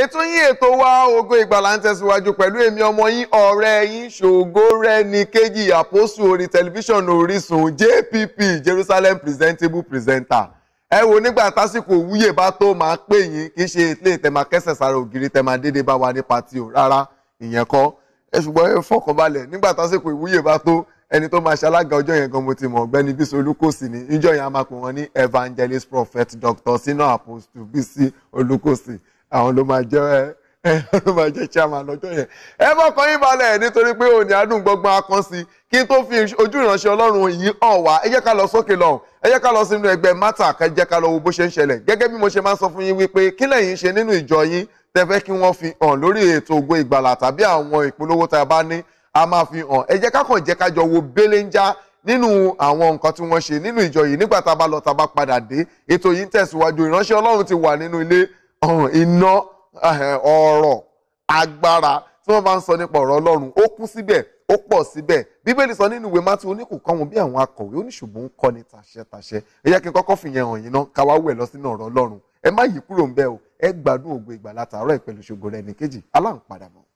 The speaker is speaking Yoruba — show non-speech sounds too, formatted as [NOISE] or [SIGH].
ètò yín ètò wa ògo ìgbàlà ń tẹ̀síwájú pẹ̀lú èmi ọmọ yín ọ̀rẹ́ yín Ṣògorẹ́níkéjì àpòsù orí tẹlifíṣàn Orísun JPP Jerusalem presentable presenter ẹ wo nígbà tásìkò wúyè bá tó máa pè yín kì í ṣe ilé ìtẹ̀mà kẹsẹ̀ sára ògiri tẹ̀mà déédéé bá wa ní pati o rárá ìyẹn kọ́ ẹ ṣùgbọ́n ẹ fọkànbalẹ̀ nígbà tásìkò ìwúyè bá tó ẹni tó máa ṣalága ọjọ́ yẹn gan mo ti mọ̀ ọ̀gbẹ́ni Bísí Olúkòsì ni ìjọ yẹn a máa pè wọ́n ní evangelist prophet Dr. Sina Apostle Bísí Olúkòsì àwọn ló máa jẹ́ [LAUGHS] ló máa jẹ́ chairman lọ́jọ́ yẹn ẹ fọkàn yín balẹ̀ nítorí pé òní adùn gbọgbọ́n akán sí kí n tó fi ojú ìránṣẹ́ ọlọ́run yìí hàn wá ẹ jẹ́ ká lọ sókè lọ́hùn ẹ jẹ́ ká lọ sínú ẹgbẹ́ mátà ká jẹ́ ká lọ wo bó ṣe ń ṣẹlẹ̀ gẹ́gẹ́ bí mo ṣe máa ń sọ fún yín wípé kí lẹ̀yin ṣe nínú ìjọ yín tẹ́fẹ́ kí wọ́n fi hàn lórí ètò ògo ìgbàlà tàbí àwọn ìpolówó tá a bá ní a máa fi hàn ẹ jẹ́ ká kàn jẹ́ ká jọ wo bélénjá nínú àwọn nǹkan tí wọ́n ṣe nínú ìjọ yìí nígbà tá a bá lọ tá a bá padà dé ètò yìí ń tẹ̀síwájú ìránṣẹ́ ọlọ́run ti wà nínú ilé iná eh, ọ̀rọ̀ agbára tí wọ́n bá ń sọ nípa ọ̀rọ̀ ọlọ́run ó kún síbẹ̀ ó pọ̀ síbẹ̀ bíbélì sọ nínú ìwé mátí oníkùkọ́ wọn bí àwọn akọ̀wé oníṣòwò ń kọ́ ní tàṣẹ tàṣẹ ẹ yẹ kí n kọ́kọ́ fìyẹn hàn yín náà káwá wẹ̀ lọ sínú ọ̀rọ̀ ọlọ́run ẹ má yí kúrò ń bẹ̀ o ẹ gbádùn ògo ìgbà látàárọ̀ ìpẹ̀lú ṣògo rẹ̀ ní aláǹpadàbọ̀.